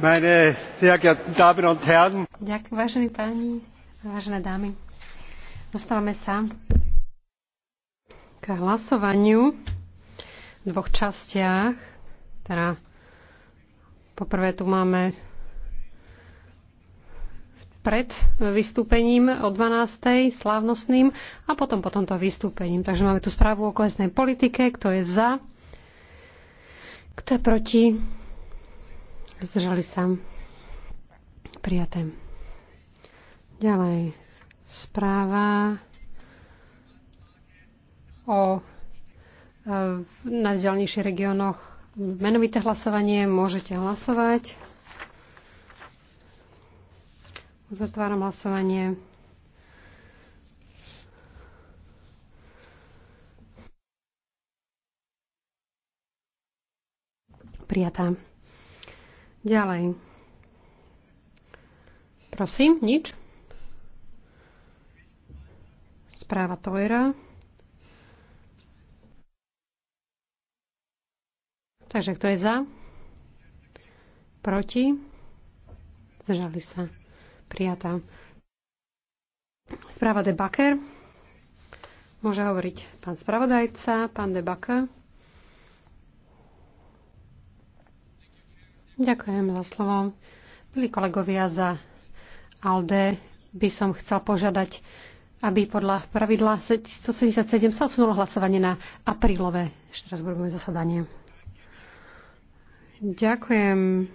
Meine sehr geehrten Damen und Herren. Ďakujem, vážení páni, vážené dámy. Dostávame sa k hlasovaniu v dvoch častiach. Teda poprvé tu máme pred vystúpením o 12. slávnostným a potom po tomto vystúpením. Takže máme tu správu o kohesnej politike, kto je za, kto je proti, Zdržali sa. Prijaté. Ďalej. Správa o e, najvzdialenejších regiónoch menovité hlasovanie. Môžete hlasovať. Uzatváram hlasovanie. Prijatá. Ďalej. Prosím, nič. Správa Tojra. Takže kto je za? Proti? Zdržali sa. Prijatá. Správa Debaker. Môže hovoriť pán spravodajca, pán Debaker. Ďakujem za slovo. Milí kolegovia za ALDE, by som chcel požiadať, aby podľa pravidla 177 sa odsunulo hlasovanie na aprílové Štrasburgové zasadanie. Ďakujem.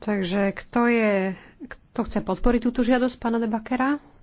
Takže kto je, kto chce podporiť túto žiadosť pána Debakera?